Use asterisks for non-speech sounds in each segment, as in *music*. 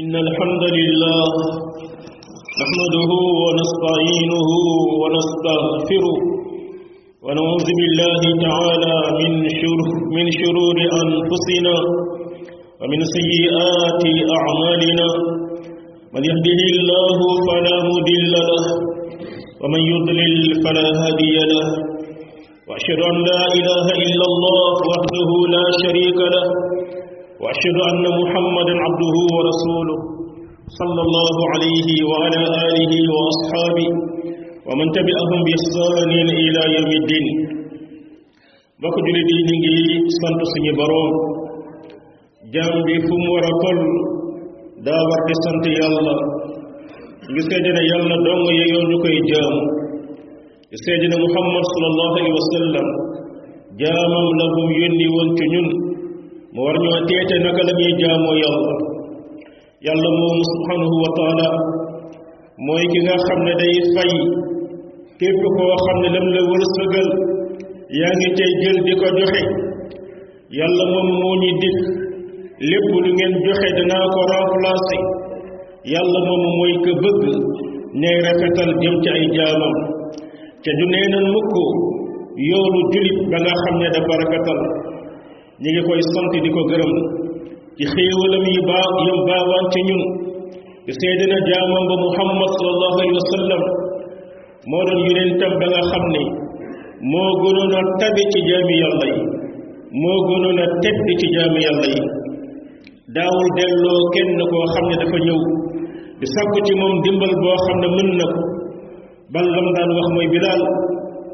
إن الحمد لله نحمده ونستعينه ونستغفره ونعوذ بالله تعالى من شرور من شرور أنفسنا ومن سيئات أعمالنا من يهده الله فلا مضل له ومن يضلل فلا هادي له وأشهد أن لا إله إلا الله وحده لا شريك له وأشهد أن محمدا عبده ورسوله صلى الله عليه وعلى آله وأصحابه ومن تبعهم بإحسان إلى يوم الدين bokk julit yi ñu ngi sant suñu borom jam bi fu mu war a toll daa war di sant yàlla gis nga dina yàlla dong yeyoon ñu koy jaamu seydina muhammad sallallahu alayhi wa sallam jaamam la bu yónni woon ñun mu war ñoo teete naka la ñuy jaamoo yàlla yàlla moomu subhanahu wa mooy ki nga xam ne day fay képp koo xam ne lam la wërsëgal yaa ngi cay jël di ko joxe yàlla moom moo ñu dikk lépp lu ngeen joxe danaa ko remplacer yàlla moom mooy ka bëgg ñay rafetal jëm ci ay jaamam te du neenal yoolu jullit ba nga xam ne dafa rafetal ñi ngi koy sant di ko gërëm ci xéewalam yi baa yam baawaan ci ñun di seedina jaamam ba muhammad sallallahu alayhi wa sallam moo doon yonentam ba nga xam ne moo gënoon a ci jaami yàlla yi moo gënoon a ci jaami yàlla yi daawul delloo kenn koo xam ne dafa ñëw di sàkku ci moom dimbal boo xam ne mën na bal lam daan wax mooy bilaal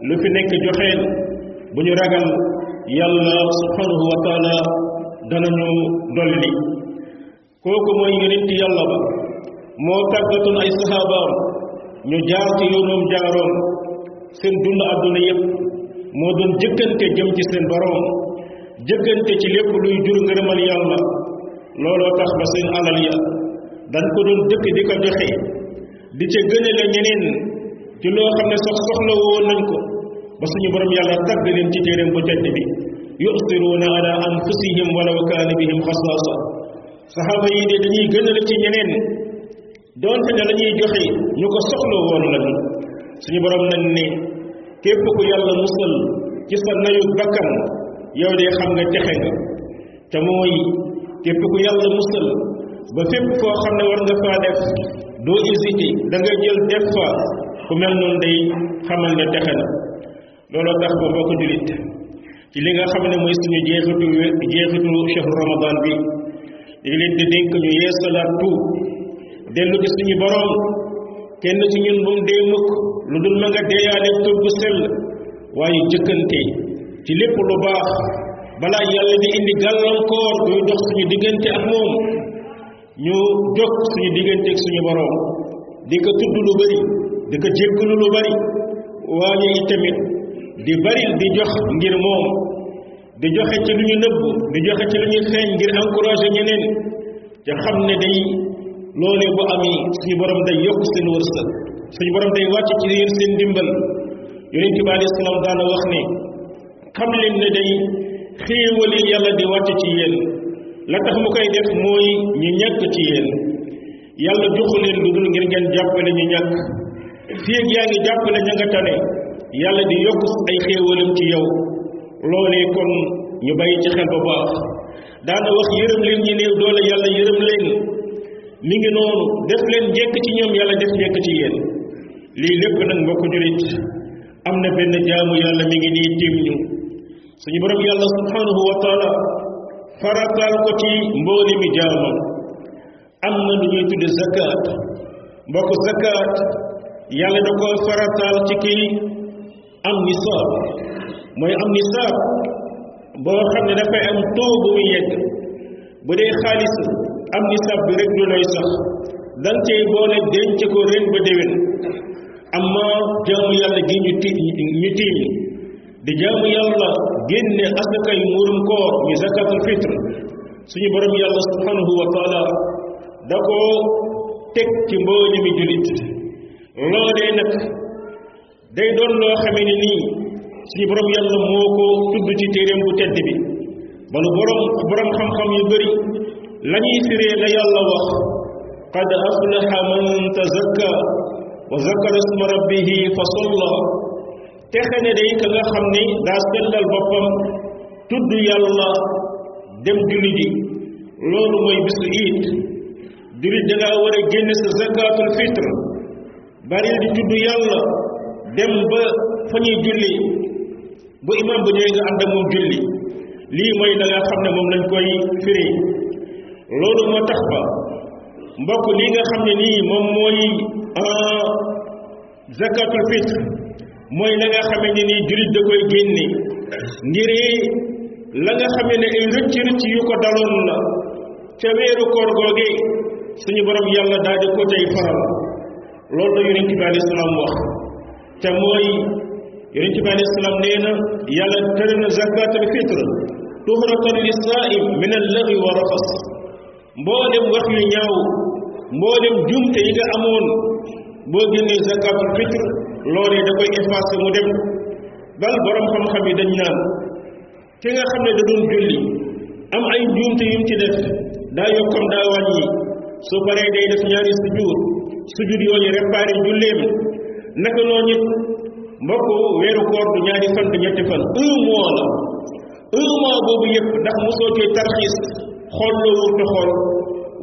lu fi nekk joxeel bu ñu ragal yàlla subhanahu wa taala danañu dolli kooku mooy yonent yàlla ba moo tàggatoon ay saxaabaam ñu jaar ci yoonam jaaroon seen dund àdduna yépp moo doon jëkkante jëm ci seen boroom jëkkante ci lépp luy jur ngërëmal yàlla looloo tax ba seen alal ya dañ ko doon dëkk di ko joxe di ca gënale ñeneen ci loo xam ne sax soxla woo nañ ko ba suñu borom yàlla tagg leen ci téeréem bu tedd bi yusiruuna ala anfusihim walaw bi bihim xasaasa saxaaba yi de dañuy gënal ci ñeneen doonte ne la ñuy joxe ñu ko soxla woon lañ suñu boroom nañ ne képp ku yàlla musal ci sa nayu bakkan yow de xam nga texe nga te mooy képp ku yàlla musal ba fépp foo xam ne war nga faa def doo hésité da jël def fa ku mel noonu day xamal ne dexe na looloo tax ba mbokk jullit ci li nga xam ne mooy suñu jeexitu jeexitu chahru ramadan bi ñu ngi leen di dénk ñu yeesalaat tuub dellu ci suñu boroom kenn ci ñun bu mu dee mukk lu dul ma nga deeyaale tuub bu sell waaye jëkkante ci lépp lu baax balaa yàlla di indi gàllankoor buy dox suñu diggante ak moom ñu jóg suñu diggante ak suñu boroom di ko tudd lu bari di ko jéggalu lu bari waaye yi di bari di jox ngir moom di joxe ci lu ñu nëbb di joxe ci lu ñu xeeñ ngir encouragé ñeneen te xam ne day loolee bu amee suñu borom day yokk seen wërsëg suñu borom day wàcc ci yéen seen ndimbal yonent bi alayhi salaam daana wax ne xam leen ne day xéewali yàlla di wàcc ci yéen la tax mu koy def mooy ñu ñàkk ci yéen yàlla joxu leen lu dul ngir ngeen jàppale ñu ñàkk fiig yaa ngi jàppale ña nga tane yàlla di yokk ay xéewalam ci yow loolee kon ñu bàyyi ci xel ba baax daana wax yërëm leen ñi néew doole yàlla yërëm leen mi ngi noonu def leen njekk ci ñoom yàlla def njekk ci yéen lii lépp nag mbokk julit am na benn jaamu yàlla mi ngi nii tiim ñu suñu borom yàlla subhanahu wa taala farataal ko ci mboole mi jaamam am na lu ñuy tudd zakat mbokk zakat yàlla da ko farataal ci kii am nisaab mooy am nisaab boo xam ne dafay am taux bu muy yegg bu dee xaalis am nisaab bi rek lu lay sax danga cay boole denc ko ren ba déwén amma jaamu yàlla gi ñu ti ñu tiim di jaamu yàlla génne asakay muurum koor ñu zakatul fitre suñu borom yàlla subhanahu wa da ko teg ci mboolemi jullit loolee nag day doon loo xamee ne nii suñu borom yàlla tudd ci téeréem bu tedd bi balu borom xam-xam yu bëri la ñuy firee la yàlla wax qad aflaha man tazakka wa zakara isma rabbihi fa salla texe ne day ka nga xam ni daa sellal boppam tudd yàlla dem julli ji loolu mooy bisu iit jullit da ngaa war a génne sa zakatul fitre bari di tudd yàlla dem ba fa ñuy julli ba imam bu ñëwee nga ànd ak moom julli lii mooy la xam ne moom lañ koy firi loolu moo tax ba mbokk lii nga xam ne nii moom mooy euh, zakatul fitre mooy la nga xame ne nii jullit da koy génne ngir la nga xame ne ay rëcc rëcc yu ko daloon la ca koor googee suñu borom yàlla daal di ko tey faral loolu la yonent bi alayhi salaam wax te mooy yonent bi alayhi salaam nee na yàlla tere na zakatal fitre tuxratan li saaim min allahi wa rafas mboolem wax yu ñaaw mboolem jumte yi nga amoon boo génnee zakatul fitre loolee da koy effacé mu dem dal borom xam-xam yi dañ naan ki xam ne da doon julli am ay juumte yu ci def daa yokkam daa wàññi su paree day def ñaari sujjóot sujud yooyu réparé julleem naka noonu it mbokk weeru koor du ñaari fan du ñetti fan un mois la un mois boobu yëpp ndax mosoo cee tarxiis xool loo wur xool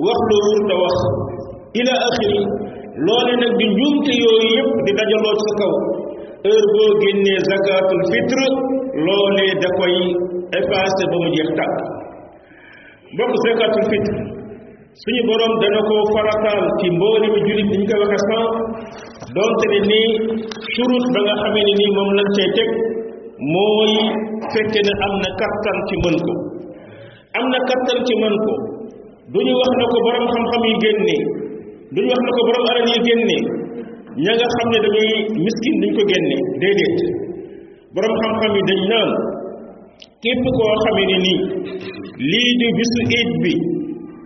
wax loo wur wax ila axiri loole nag di njuumte yooyu yëpp di dajaloo sa kaw heure boo génnee zakatul fitre loolee da koy effacé ba mu tàkk bokk zakatul fitre suñu borom dana ko farataal ci mboolem jullit ni ñu koy waxe san donte ne nii surut ba nga xamee ne nii moom lañ cay teg mooy fekke ne am na kattan ci mën ko am na kattan ci mën ko du wax na ko borom xam-xam yi génne du wax na ko borom alal yi génne ña nga xam ne dañuy miskin duñ ko génne déedéet borom xam-xam yi dañ naan képp koo xamee ne nii lii di bisu iid bi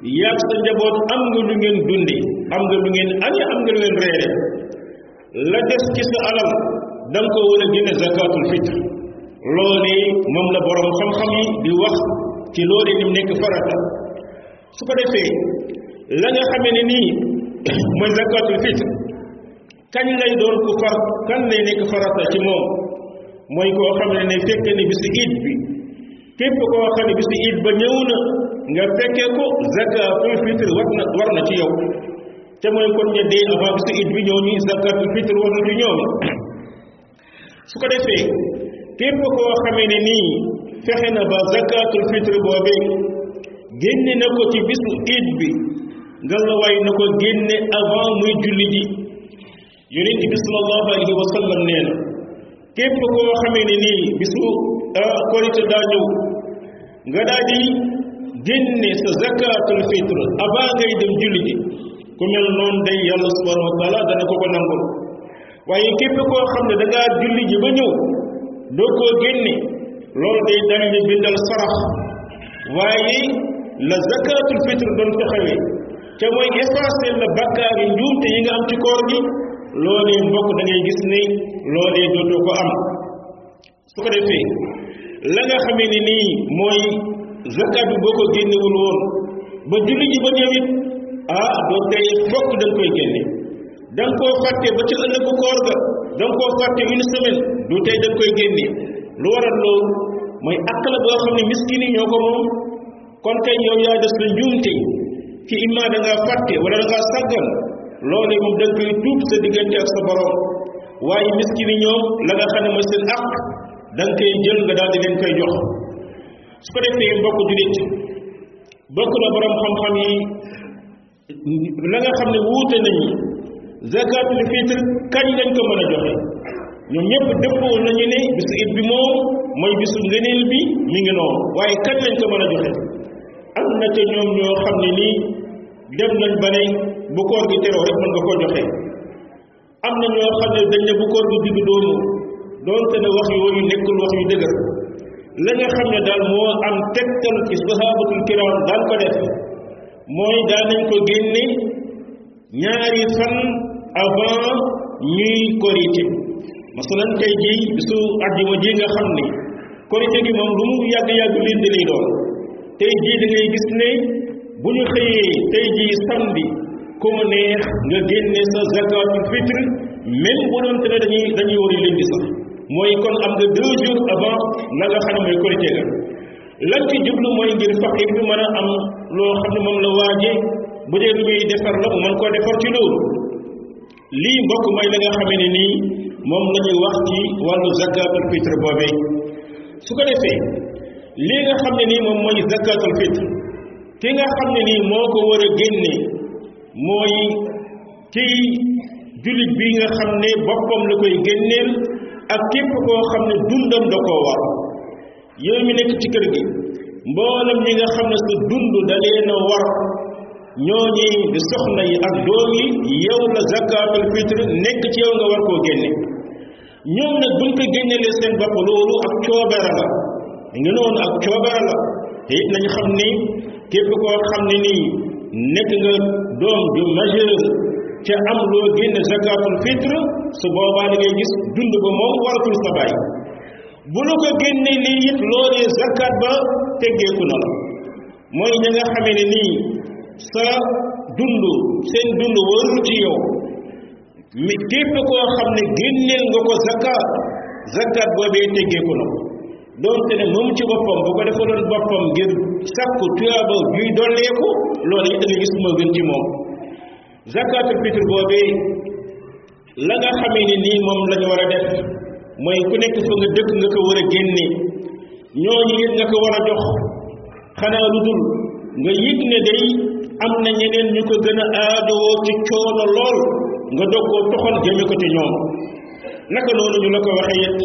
yaag sa njaboot am nga lu ngeen dundi am nga lu ngeen añe am nga lu ngeen reere la des ci sa alal da ko war a génne zakatul fitre loolu moom la boroom xam-xam yi di wax ci loolu ni nekk farata su ko defee la nga xamee ne nii *coughs* mooy zakatul fitre kañ lay doon ku far kan lay nekk farata ci moom mooy koo xam ne ne fekk ne bi si iid bi képp koo xam ne bi si iid ba ñëw na nga fekkee ko zakatul fitre war na war na ci yow te mooy kon ña dee avant si it bi ñëw ñuy zakatul fitre war ñoom su ko defee képp koo xamee ne nii fexe na ba zakatul fitre boobee génne na ko ci bisu it bi nga la waay na ko génne avant muy julli ji yonent bi sallallahu alayhi wa sallam nee na képp koo xamee ne nii bisu ah, korite daa ñëw nga daal di génne sa zakatul fitre avant ngay dem julli ji ku mel noonu day yàlla subhanahu wa taala dana ko ko nangul waaye képp koo xam ne da ngaa julli ji ba ñëw doo koo génne loolu day dal ñu bindal sarax waaye la zakatul fitre doon taxawee te mooy effacer la bakkaar yi njuumte yi nga am ci koor gi loolee mbokk da ngay gis ne loolee dootoo ko am su ko defee la nga xamee ni nii mooy zakat bi boo ko génnewul woon ba julli ji ba ñëwit ah doo tey fokk da nga koy génne da nga koo fàtte ba ci ëllëgu koor ga da nga koo fàtte une semaine du tey da nga koy génne lu waral loolu mooy àq la doo xam ne miskin ñoo ko moom kon tey yow yaa des la njuumte ci imma da ngaa fàtte wala da ngaa sàggan loolu moom da nga koy tuub sa diggante ak sa borom waaye miskin yi ñoom la nga xam ne mooy seen àq da koy jël nga daal di leen koy jox su ko defee mbokk jullit bokk na borom xam-xam yi la xam ne wuute nañu zakatul fitre kañ lañ ñëpp dëppoo nañu bisu it bi moom mooy bisu ngëneel bi mi ngi noonu waaye kañ lañ ko mën a joxe am na ca ñoom ñoo xam ne nii dem nañ ba ne bu koor gi teroo rek mën nga koo joxe am na ñoo xam ne dañ ne bu koor gi digg doomu doonte ne wax yooyu nekkul wax yu dëgër la nga xam ne daal moo am tegtal ci sahabatul kiram daan ko def mooy daal nañ ko génne ñaari fan avant ñuy korité masalan tey jii su àjjuma ji nga xam ne korité bi moom lu mu yàgg-yàgg leen di lay doon tey jii da ngay gis ne bu ñu xëyee tey jii samedi ku mu neex nga génne sa zakatul fitre même bu doon te ne dañuy dañuy wari leen sax mooy kon am nga deux jours avant la nga xam ne mooy korité la lan ci jublu mooy ngir faqir bi mën a am loo xam ne moom la waaje bu dee lu muy defar la mu mën koo defar ci loolu lii mbokk mooy la nga xamee ne nii moom la ñuy wax ci wàllu zakatul fitre boobee su ko defee lii nga xam ne nii moom mooy zakatul fitre ki nga xam ne nii moo ko war a génne mooy ci jullit bi nga xam ne boppam la koy génneel ak képp koo xam ne dundam da koo war yow mi nekk ci kër gi mboolem ñi nga xam ne sa dund da leen a war ñooñi di soxna yi ak doom yi yow la zakatul fitr nekk ci yow nga war koo génne ñoom nag buñ ko génnelee seen bopp loolu ak coobera la nga noonu ak coobera la te it nañu xam ni képp koo xam ne nii nekk nga doom ju majeur te am loo génne zakatul fitre su boobaa da ngay gis dund ba moom waratul sa bàyyi bu lu ko génne lii it loolee zakat ba teggeeku na la mooy ña nga xamee ne nii sa dund seen dund warul ci yow mi képp koo xam ne génneel nga ko zakat zakat boobee teggeeku na ko doonte ne moom ci boppam bu ko defaloon boppam ngir sàkku tuyaaba yuy dolleeku loolu it nga gis moo gën ci moom zakatul fitre boobee la nga xamee ni nii moom la war a def mooy ku nekk fa nga dëkk nga ko war a génne ñooñu it nga ko war a jox xanaa lu dul nga yëg ne day am na ñeneen ñu ko gën a aadowoo ci coono lool nga dog koo toxal jëme ko ci ñoom naka noonu ñu la ko waxee yet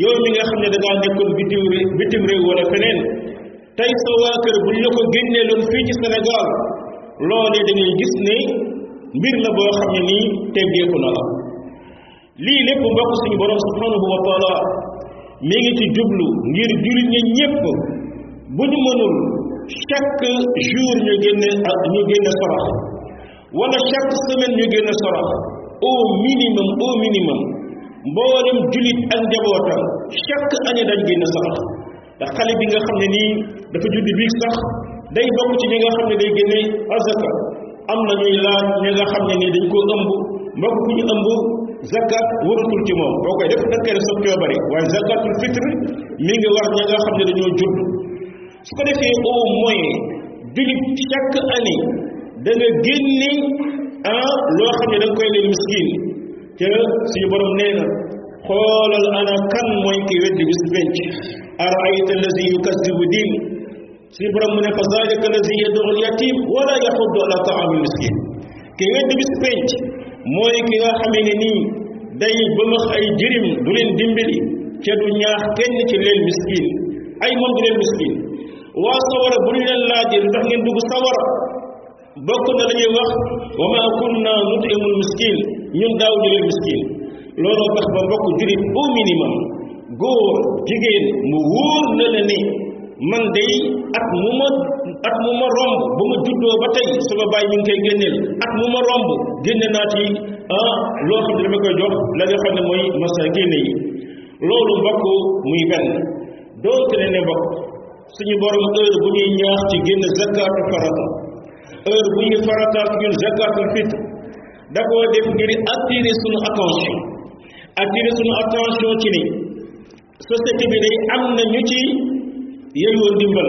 yow mi nga xam ne da ngaa nekkoon bitim bitim réew wala feneen tey sa waa kër bu ñu la ko génneeloon fii ci Sénégal loolee da gis ne mbir la boo xam ne nii teggeeku na la lii lépp mbokk suñu borom subhanahu wa taala mi ngi ci jublu ngir jullit ña ñépp bu ñu mënul chaque jour ñu génne ñu génne sarax wala semaine ñu génne sarax au minimum au minimum mboolem jullit ak njabootam chaque année dañ génne sarax te xale bi nga xam ne nii dafa juddi biig sax day bokk ci ñi nga xam ne day génne azaka am na ñuy la ñi nga xam ne nii dañ koo ëmb mbokk ku ñu ëmb zakat waratul ci moom boo koy def da koy def sa coobare waaye zakatul fitre mi ngi war ña nga xam ne dañoo judd su ko defee au moins jullit chaque année da nga génne ah, loo xam ne da nga koy leen miskin te suñu borom nee na xoolal ana kan mooy ki weddi bis benc araayta allazi yukasibu diin suñu borom mu ne fa zalika allazi yad'u al-yatim wala yahuddu ala ta'am al-miskin ki wedd bis penc mooy ki nga xamee ne nii day bëmax ay jërim du leen dimbali ca du ñaax kenn ci leen miskin ay moom du leen miskin waa sawara bu ñu leen laajee ndax ngeen dugg sawara bokk na la ñuy wax wa ma kunna nut'imul miskin ñun daaw ñu leen miskin looloo tax ba mbokk julit au minimum góor jigéen mu wóor na la ne man day at mu ma at mu ma romb ba ma juddoo ba tey sama baay mi ngi koy génneel at mu ma romb génne naa ci ah loo xam ne dama koy jox la nga ne mooy masa génne yi loolu mbokk muy benn doonte ne ne mbokk suñu borom heure bu ñuy ñaax ci génn zakaatul farata heure bu ñuy farataal ci ñun zakaatul fitr def ngir attirer suñu attention attirer suñu attention ci ni société bi day am na ñu ci yelloo ndimbal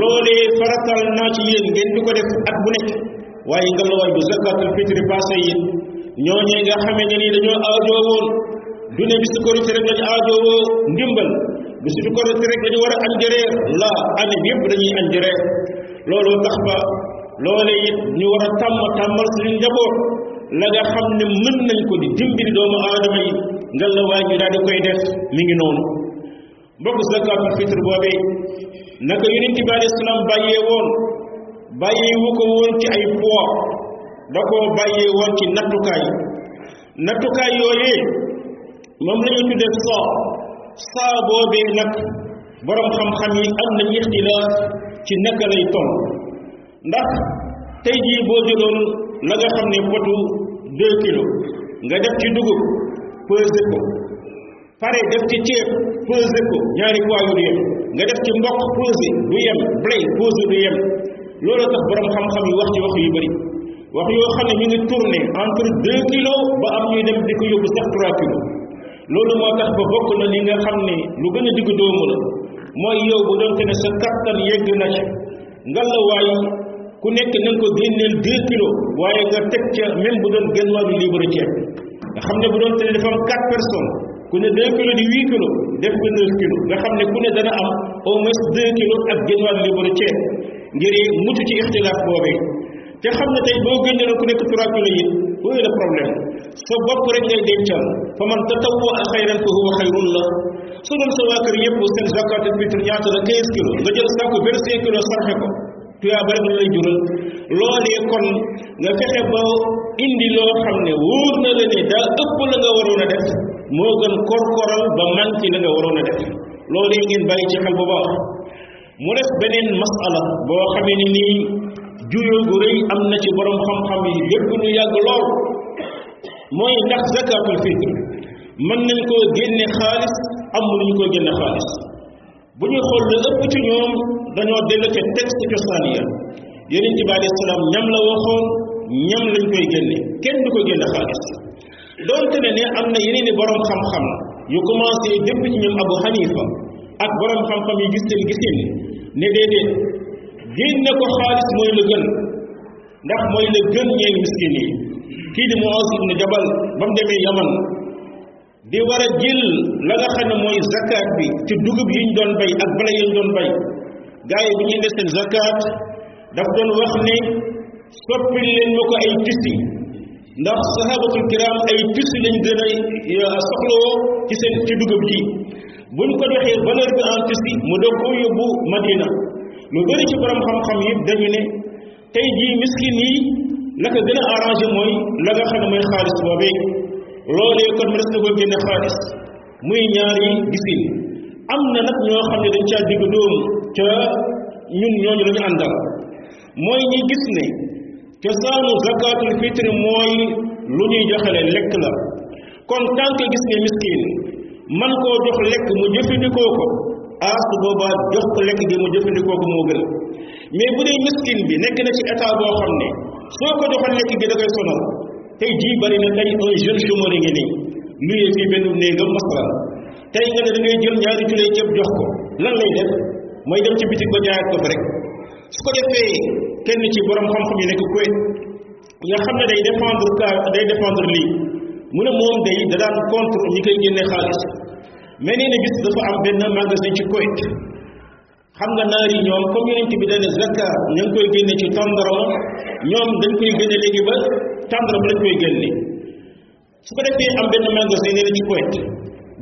loolee faratal naa ci yéen ngeen di ko def at bu nekk waaye nga la waay bu zakatul fitri passé yi ñooñee nga xamee ne nii dañoo aajoowoon du ne bisu korité rek lañu aajoowoo ndimbal bisu korité war a añ jëree la année bi yëpp dañuy añ jëree loolu tax ba loole it ñu war a tàmm tàmmal suñu njaboot la nga xam ne mën nañ ko di dimbali doomu aadama yi nga la waay ñu koy def mi ngi noonu mbokk zakatul fitre boobee naka yonent bi alei salaam bàyyee woon bàyyee wu ko woon ci ay poids da koo bàyyee woon ci nattukaay nattukaay yooyee moom la ñu tuddee saa saa boobee nag borom xam-xam yi am nañu ixtilaaf ci naka lay toll ndax tey jii boo jëloon la nga xam ne potu deux kilos nga def ci dugub pesé pare def ci ceeb pesé ko ñaari poids yu du yem nga def ci mboq pesé du yem blé pesé du yem loolu tax borom xam-xam yi wax ci wax yu bëri wax yoo xam ne ñu ngi tourné entre deux kilos ba am ñuy dem di ko yóbbu sax trois kilos loolu moo tax ba bokk na li nga xam ne lu gën a digg doomu la mooy yow bu doonte ne sa kattan yegg na ci ngalla waay ku nekk na ko génneel deux kilos waaye nga teg ca même bu doon génn wàllu livre ceeb nga xam ne bu doonte ne dafa am ku ne 2 kilos di 8 kilos def ko 9 kilos nga xam ne ku ne dana am au moins 2 kilos ak genn wàll libre ceeb ixtilaaf boobee te xam ne tey boo génne na ku nekk 3 kilos yi loolu la problème sa bopp rek ngay dencal fa man tatawwa xayran fa huwa xayrun la su doon sa waa kër yëpp seen zakat fitre ñaata la 15 kilos nga jël sàkku 25 kilos sarxe ko tuyaa bari la lay jural loolee kon nga fexe ba indi loo xam ne wóor na la ne daa ëpp la nga a def moo gën korkoral ba man ci la nga waroon a def loolu yi ngeen bàyyi ci xel bu baax mu def beneen masala boo xamee ni nii juyoo gu rëy am na ci borom xam-xam yi lépp ñu yàgg lool mooy ndax zakatul fitre mën nañ koo génne xaalis am mënuñu koo génne xaalis bu ñu xool lu ëpp ci ñoom dañoo dellu ca texte cosaan ya yonent bi alayhi salaam ñam la waxoon ñam lañ koy génne kenn du ko génne xaalis donte ne ne am na yeneen borom xam-xam yu commencé dépp ci ñoom Abu Hanifa ak borom xam-xam yu gis seen gisin ne déedéet génne ko xaalis mooy la gën ndax mooy la gën ñeen miskin yi kii di Muaz ibn Jabal ba mu demee Yaman di war a jël la mooy zakat bi ci dugub yi ñu doon bay ak bala yi ñu doon bay gars bi ñu ñuy def seen zakat daf doon wax ne soppil leen ko ay tisi ndax sahabatul kiram ay piste lañ gën a soxlawoo ci seen ci dugub ji ñu ko doxee valeur bi en piste mu doog koo yóbbu madina lu bëri ci borom xam-xam yëpp dañu ne tey ji miskin yi la ko gën a arrangé mooy la nga xam ne mooy xaalis boobee loolee kon mënees na ko génne xaalis muy ñaar yi gisin am na nag ñoo xam ne dañ caa digg dóomu ca ñun ñooñu la ñu àndal mooy ñi gis ne cosaanu zakatul fitre mooy lu ñuy joxale lekk la kon tant que gis nga miskin man koo jox lekk mu jëfandikoo ko ah su boobaa jox ko lekk gi mu jëfandikoo ko moo gën mais bu dee miskin bi nekk na ci état boo xam ne soo ko joxal lekk gi da koy sonal tey jii na tey un jeune chômeur ngi nii luyee fii benn néegam masalan tey nga ne da jël ñaari kilos ceeb jox ko lan lay def mooy dem ci bitik ba jaayat ko fa rek su ko defee kenn ci borom xam-xam yi nekk Kuwait nga xam ne day défendre day défendre lii mu ne moom day da daan contre ñi koy génne xaalis mais nee na bis dafa am benn magasin ci Kuwait xam nga naar yi ñoom comme yonent bi dane zakka ña ngi koy génne ci tàndarama ñoom dañ koy génne léegi ba tàndarama lañ koy génne su ko defee am benn magasin nee na ci Kuwait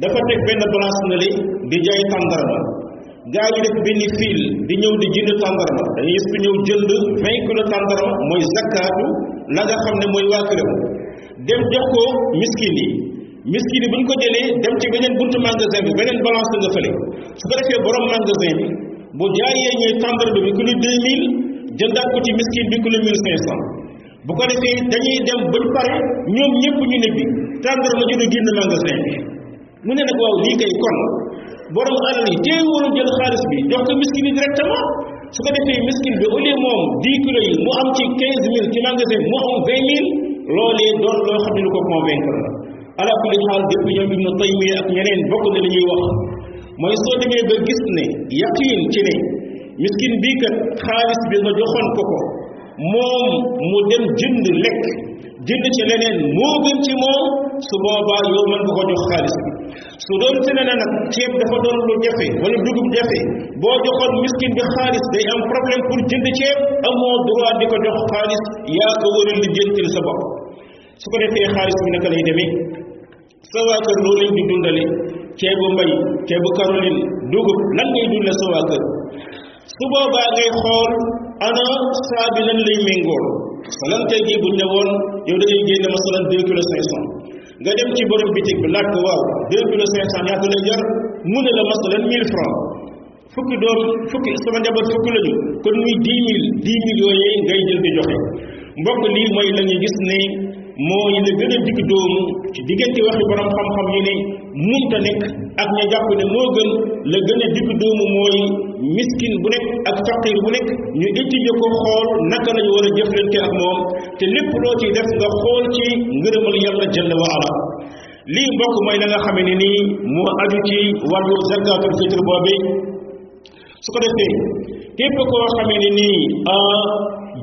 dafa teg benn balance na li di jaay ba gaa yi def benn fil di ñëw di jënd tàndarma dañuy gis ku ñëw jënd vingt kilo tàndarma mooy zakkaatu la nga xam ne mooy waa këram dem jox ko miskin yi miskin yi bu ñu ko jëlee dem ci beneen buntu magasin bi beneen balance nga fële su ko defee boroom magasin bi bu jaayee ñuy tàndarma bi ku ne deux mille jëndaat ko ci miskin bi ku ne mille cinq cent bu ko defee dañuy dem bañ pare ñoom ñëpp ñu ne bi tàndarma ju ne génn magasin bi mu ne nag waaw lii kay borom alal yi téye woon a jël xaalis bi jox ko miskin yi directement su ko defee miskin bi au lieu moom dix kilos yi mu am ci quinze mille ci magasin mu am vingt mille loolee doon loo xam ne lu ko convaincre la ala kulli xaal dépp ñoom Ibnu Taymiya ak ñeneen bokk na li ñuy wax mooy soo demee ba gis ne yaqiin ci ne ko ko moom mu dem jënd lekk jënd ci leneen moo gën ci moom su boobaa yow mën nga ko jox xaalis bi su doon te ne nag ceeb dafa doon lu jafe wala dugub jafe boo joxoon miskin bi xaalis day am problème pour jënd ceeb amoo droit di ko jox xaalis yaa ko war a lijjantil sa bopp su ko defee xaalis bi naka lay demee sa waa kër loolu lañ di dundale ceebu mbay ceebu karoline dugub lan ngay dundal sa waa kër su boobaa ngay xool ana saa bi lan lay méngool masalan tey jii buñ ne woon yow da ngay génne masalan deux kilo cinq nga dem ci borom bitig bi laaj ko waaw deux kilo cinq cent ñaata lay jar mu ne la masalan mille franc fukki doom fukki sama njaboot fukki lañu kon muy dix mille dix mille yooyee ngay jël di joxe mbokk lii mooy la gis ne mooy la gën a digg doomu ci diggante waxi borom xam-xam yi ne munta nekk ak ña jàpp ne moo gën la gën a digg doomu mooy miskin bu nekk ak faqir bu nekk ñu étudier ko xool naka lañu war a jëflante ak moom te lépp loo ci def nga xool ci ngërëmal yàlla jalla wa ala lii mbokk mooy la nga ni ne nii moo aju ci wàllu zakatul fitre boobi su ko defee képp koo xamee ne nii ah,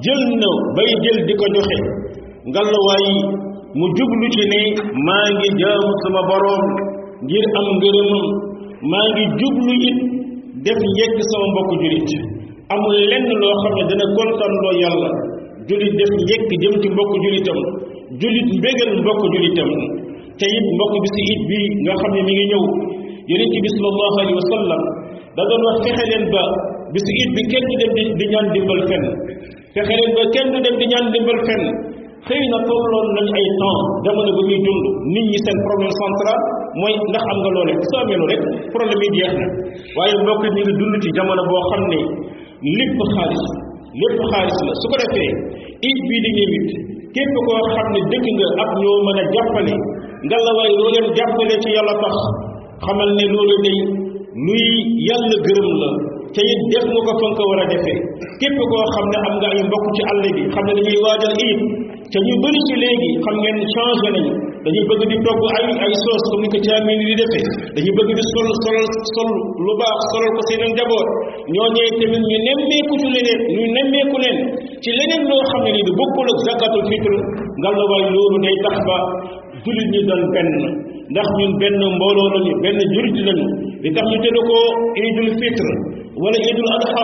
jël na bay jël di ko joxe ngalawaay mu jublu ci ne maa ngi jaamu sama boroom ngir am ngërëmam maa ngi jublu it def njekk sama mbokk jullit amul lenn loo xam ne dana kontaan loo yàlla jullit def njekk jëm ci mbokk jullitam jullit mbégal mbokk jullitam te it mbokk bi si it bi nga xam ne mi ngi ñëw yonent bi sallallahu alayhi wa sallam da doon wax fexe leen ba bisu it bi kenn du dem di ñaan dimbal fenn fexe leen ba kenn du dem di ñaan dimbal fenn xëy na tolloon nañ ay temps jamono ba muy dund nit ñi seen problème central mooy ndax am nga loole lekk soo amee lu rek problème yi jeex na waaye mbokk ñu ngi dund ci jamono boo xam ne lépp xaalis lépp xaalis la su ko defee it bii di ñëw it képp koo xam ne dëkk nga ak ñoo mën a jàppale nga la waaye loo leen jàppale ci yàlla tax xamal ne loolu day luy yàlla gërëm la te it def nga ko fa war a defee képp koo xam ne am nga ay mbokk ci àll bi xam ne te ñu bëri ci léegi xam ngeen changé nañu dañuy bëgg di togg ay ay soos comme ni ko caamini di defee dañuy bëgg di sol solal sol lu baax solal ko seen njaboot ñooñee tamit ñu nemmeeku ci leneen ñu nemmeeku leen ci leneen loo xam ne ni du bokkul ak zakatul fitre nga la waay loolu day ñu benn ndax ñun benn mbooloo lañu benn jurit lañu li tax ñu tëdd ko idul fitre wala idul adha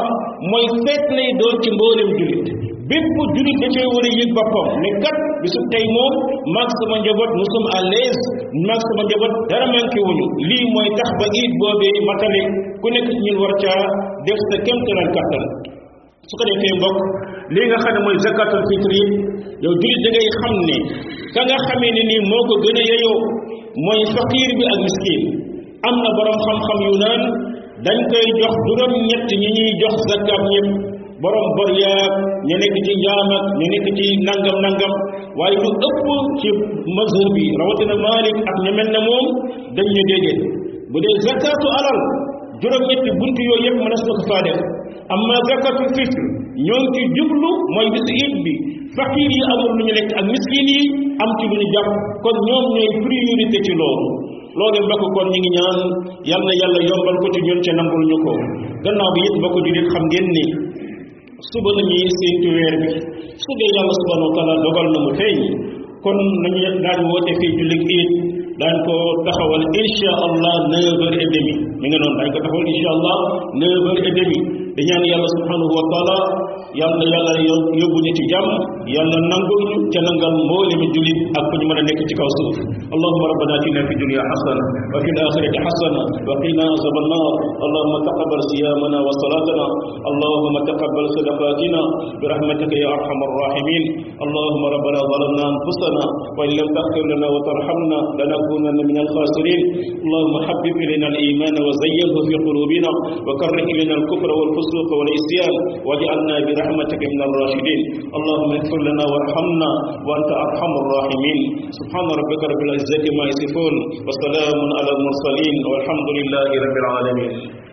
mooy feet lay doon ci mboolem julit bépp jullit da cee war a yëg boppam ne kat bisu tey moom maag sama njaboot nous sommes à l'aise maag sama njaboot dara manqué wuñu lii mooy tax ba iid boobee matale ku nekk ñun war caa def sa kéemtalaal kattan su ko defee mbokk lii nga xam ne mooy zakatul fitri yow jullit da ngay xam ne ka nga xamee ne nii moo ko gën a yeyoo mooy faqiir bi ak miskin am na borom xam-xam yu naan dañ koy jox juróom ñett ñi ñuy jox zakat ñëpp borom bor yaag ñu nekk ci njaam ak ñu nekk ci nangam nangam waaye lu ëpp ci mazhab bi rawatina Maalik ak ñu mel na moom dañ ñu déedéet bu dee zakatu alal juróom-ñetti buntu yooyu yëpp mënees na ko faa def amma zakatu fitr ñoo ngi ci jublu mooy bisu iid bi fakir yi amul lu ñu lekk ak miskin yi am ci lu ñu jàpp kon ñoom ñooy priorité ci loolu loolu mbokk kon ñu ngi ñaan yal na yàlla yombal ko ci ñun ca nangul ñu ko gannaaw bi yéen mbokk jullit xam ngeen ni suba la ñuy séentu weer bi su dee yàlla subhanahu wa taala dogal na mu feeñ kon nañu a woote fii jullit iit daañ ko taxawal incha allah neuf a demi mi nga noonu daañ ko taxawal incha allah neuf heures demi di ñaan yàlla subhanahu wa taala yàlla yàlla yóbbu ñu ci jàmm yàlla nangul ñu ca nangal mboolemi julit ak ku ñu mën a nekk ci kaw suuf allahuma rabbana atina fi dunya hasana wa fi wa qina النار اللهم تقبل صيامنا وصلاتنا اللهم تقبل صدقاتنا برحمتك يا ارحم الراحمين اللهم ربنا ظلمنا انفسنا وان لم تغفر لنا وترحمنا لنكونن من الخاسرين اللهم حبب الينا الايمان وزينه في قلوبنا وكره الينا الكفر والفسق والفسوق والعصيان واجعلنا برحمتك من الراشدين اللهم اغفر لنا وارحمنا وانت ارحم الراحمين سبحان ربك رب العزه ما يصفون وسلام على المرسلين والحمد لله رب العالمين